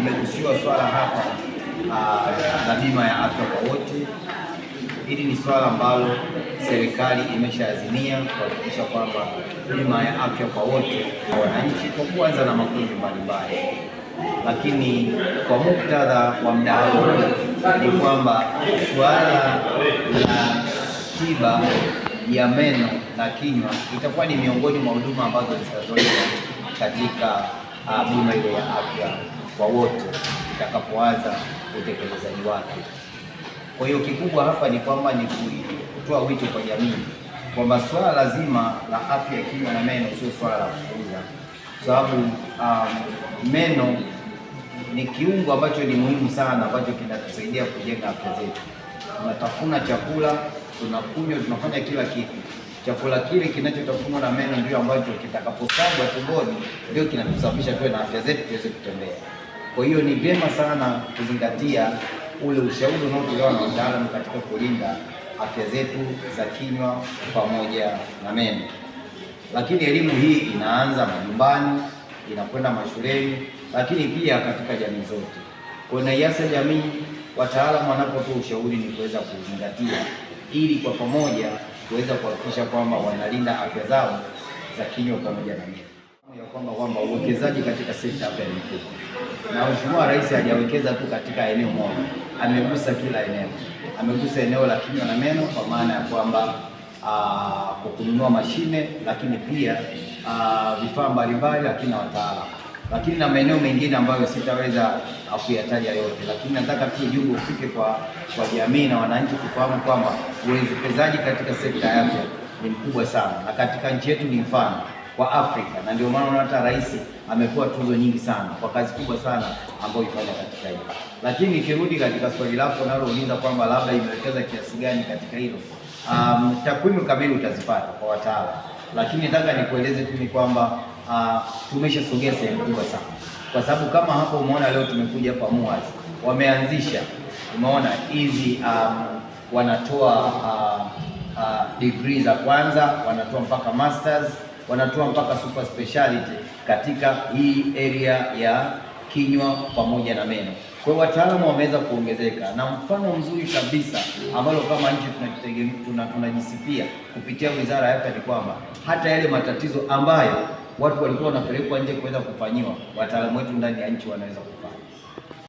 imegusiwa swala hapa ah, la bima ya afya kwa wote. Hili ni swala ambalo serikali imeshaazimia kuhakikisha kwamba bima ya afya kwa wote kwa wananchi, kwa kuanza na makundi mbalimbali, lakini kwa muktadha wa mdahalo ni kwamba suala la tiba ya meno na kinywa itakuwa ni miongoni mwa huduma ambazo zitatolewa katika ah, bima ile ya afya kwa wote itakapoanza utekelezaji wake. Kwa hiyo kikubwa hapa ni kwamba ni kutoa wito kwa jamii kwamba swala lazima la afya ya kinywa na meno sio swala la kupuuza, sababu um, meno ni kiungo ambacho ni muhimu sana ambacho kinatusaidia kujenga afya zetu. Tunatafuna chakula, tunakunywa, tunafanya kila kitu. Chakula kile kinachotafunwa na meno ndio ambacho kitakaposagwa tumboni ndio kinatusababisha tuwe na afya zetu tuweze kutembea. Kwa hiyo ni vyema sana kuzingatia ule ushauri unaotolewa na wataalamu katika kulinda afya zetu za kinywa pamoja na meno. Lakini elimu hii inaanza majumbani, inakwenda mashuleni, lakini pia katika jamii zote. Kwa naiasa jamii, wataalamu wanapotoa ushauri ni kuweza kuzingatia, ili kwa pamoja kuweza kuhakikisha kwamba wanalinda afya zao za kinywa pamoja na meno ya kwamba kwamba uwekezaji katika sekta ya afya ni mkubwa, na Mheshimiwa Rais hajawekeza tu katika eneo moja, amegusa kila eneo. Amegusa eneo la kinywa na meno kwa maana ya kwamba ah, kwa kununua mashine, lakini pia ah, vifaa mbalimbali, lakini na wataalam lakini na maeneo mengine ambayo sitaweza ah, kuyataja yote, lakini nataka tu ujumbe ufike kwa kwa jamii na wananchi kufahamu kwamba uwekezaji katika sekta ya afya ni mkubwa sana, na katika nchi yetu ni mfano kwa Afrika, na ndio maana unaona rais amepewa tuzo nyingi sana kwa kazi kubwa sana ambayo ifanya katika hilo. Lakini ikirudi katika swali lako nalouliza kwamba labda imewekeza kiasi gani katika hilo, um, takwimu kamili utazipata kwa wataalam lakini nataka nikueleze tu ni kwamba uh, tumeshasogea sehemu kubwa sana, kwa sababu kama hapo umeona leo tumekuja hapa MUHAS wameanzisha, umeona hizi um, wanatoa uh, uh, degree za kwanza wanatoa mpaka masters wanatoa mpaka super speciality katika hii area ya kinywa pamoja na meno. Kwa hiyo wataalamu wameweza kuongezeka, na mfano mzuri kabisa ambalo kama nchi tunajisifia kupitia wizara ya afya ni kwamba hata yale matatizo ambayo watu walikuwa wanapelekwa nje kuweza kufanyiwa, wataalamu wetu ndani ya nchi wanaweza kufanya.